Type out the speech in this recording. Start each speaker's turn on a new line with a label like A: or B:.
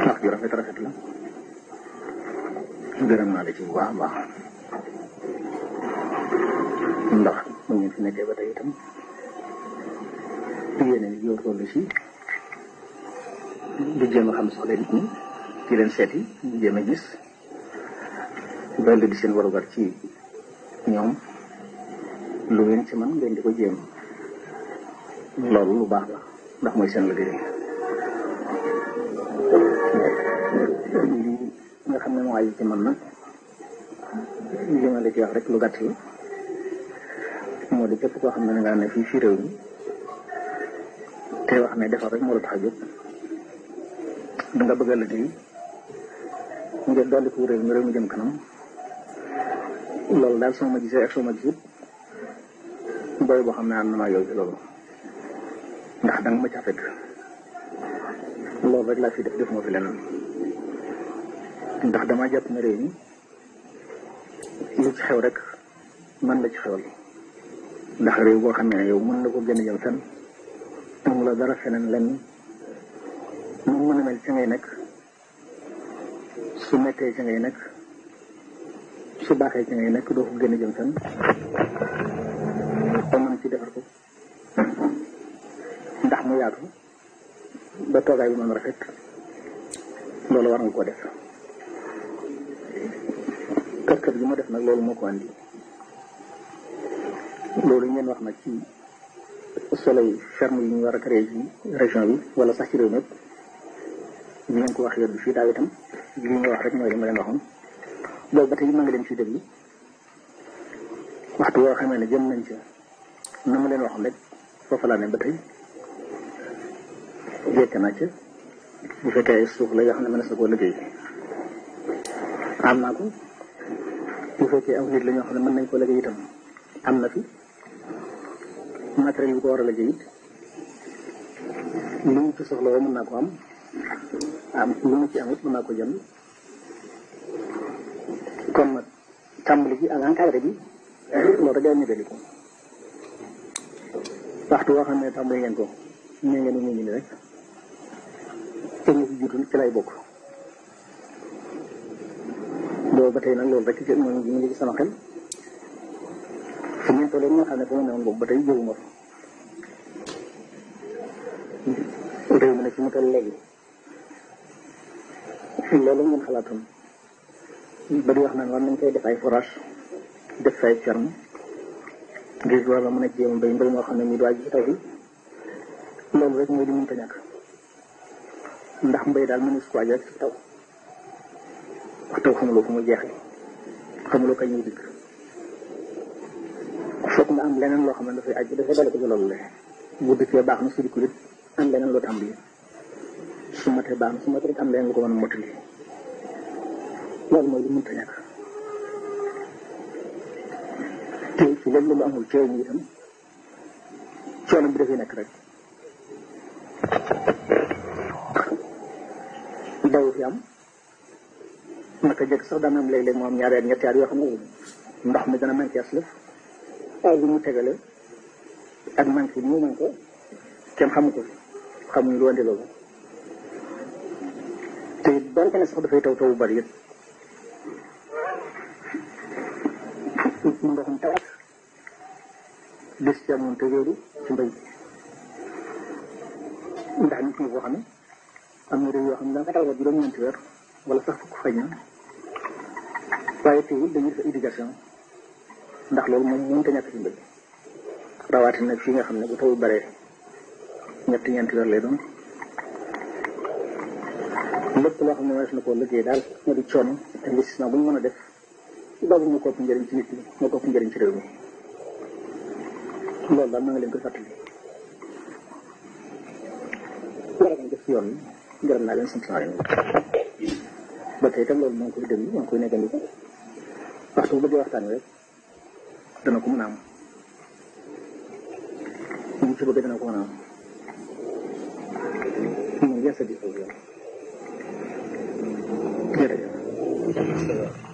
A: ndax ju rafet rafet la gërëm naa la ci bu baax a baax ndax mu ngeen fi nekkee ba tey itam yéene ni yow toll si di jéem a xam soxla leen seeti di jéem a gis loolu di seen warugar ci ñoom lu ngeen ci man ngeen di ko loolu lu baax la ndax mooy seen la liggéey nga xam ne moo ay ci man nag li ma rek lu gàtt la moo di képp koo xam ne da ngaa ne fii fii réew mi te wax ne defar rek moo la tax a jóg da nga bëgg a liggéey ngir dolli ko réew mi réew mi jëm kanam loolu daal soo ma gisee ak soo ma gisut booy boo xam ne am na maa yow loolu ndax danga ma fekk loolu rek laa fi def def moo fi leneen ndax damaa jàpp ne réew mi lu ci xew rek man la ci xewal ndax réew boo xam ne yow mën na ko gën a jëm fenn amu la dara feneen lenn nu mën a mel ci ngay nekk su nekkee ci ngay nekk su baaxee ci ngay nekk doo ko gën a jëm fenn ci defar ko toogaay bu noonu rafet loolu war nga koo def kër kër gi ma def nag loolu moo ko andi loolu ngeen wax nag ci solo yi ferme yi ñu war a créé ci région bi wala sax ci réew mépp ñu ngeen ko wax yooyu fii daaw itam li nga wax rek mooy li ma leen waxoon loolu ba tey ma nga leen ciy déglu waxtu woo xamee ne jëm nañ ca na ma leen waxoon rek foofu laa ne ba tey fekk na ci bu fekkee ay suuf la xam ne mënees na koo liggéey am naa ko bu fekkee aw nit la ñoo xam ne nañ ko liggéey itam am na fi matériel bi ko war a liggéey it lu mu ci soxla woo mën naa ko am am lu mu ci am it mën naa ko jënd kon nag tàmbali bi ak encadré bi loolu rek daal ñu ko waxtu boo xam ne tàmbali ngeen ko nee ngeen ñu ngi nii rek. te ñu fi jiitu ci lay bokk boobu ba tey nag loolu rek ci moom ñu ngi ci sama xel fu ngeen tollee ñoo xam ne fa boobu ba tey jóguma fa réew mi mu toll léegi loolu ngeen xalaatoon ba di wax naan war nañ koy def ay forage def say ferme ngir war a mën a jéem a mbéy mbéy moo xam ne ñu du ci taw loolu rek mooy di mënta ñàkk ndax mbay daal mënu si ko waajal si taw wax taw xamuloo fu muy jeexee xamuloo kañ muy dikk foog nga am leneen loo xam ne dafay aju dafay dale ko ci loolu le bu dikkee baax na su dikkul it loo tàmbali su matee baax na su matee am ko mën a loolu mooy lu mënta ñàkk amul coow mi itam coono dafay nekk rek daw fi am naka jëkk sax daan am léeg-léeg mu am ñaari at yoo xam ne ndox mi dana manqué aslëf ay li mu tegale ak manqué mu manqué kenn xamu ko xamuñ lu andi loolu te donte ne sax dafay taw taw bu bari yëpp ndoxum tawaat des ci amoon ci mbay ndax nit ñi boo xam am na réew yoo xam ne danga dal ba juróom-ñeenti weer wala sax fukk fay na waaye teewul dañuy def éducation ndax loolu moom mënut a ñàkk ci mbéy rawaati nag fi nga xam ne bu taw baree ñetti ñeenti weer lay doon lépp loo xam ne wees na koo liggéey daal nga di coono investissement bu ñu mën a def doobu mu ci nit maa ngi leen koy fàttali war a def yoon gërëm naa leen sant naa leen ba tey itam loolu moo ngi koy déglu moo ngi koy nekkandiku waxtu bu bëggee waxtaan rek dana ko mën a am moom su bëggee dana ko mën a am moom yan sa biir jërëjëf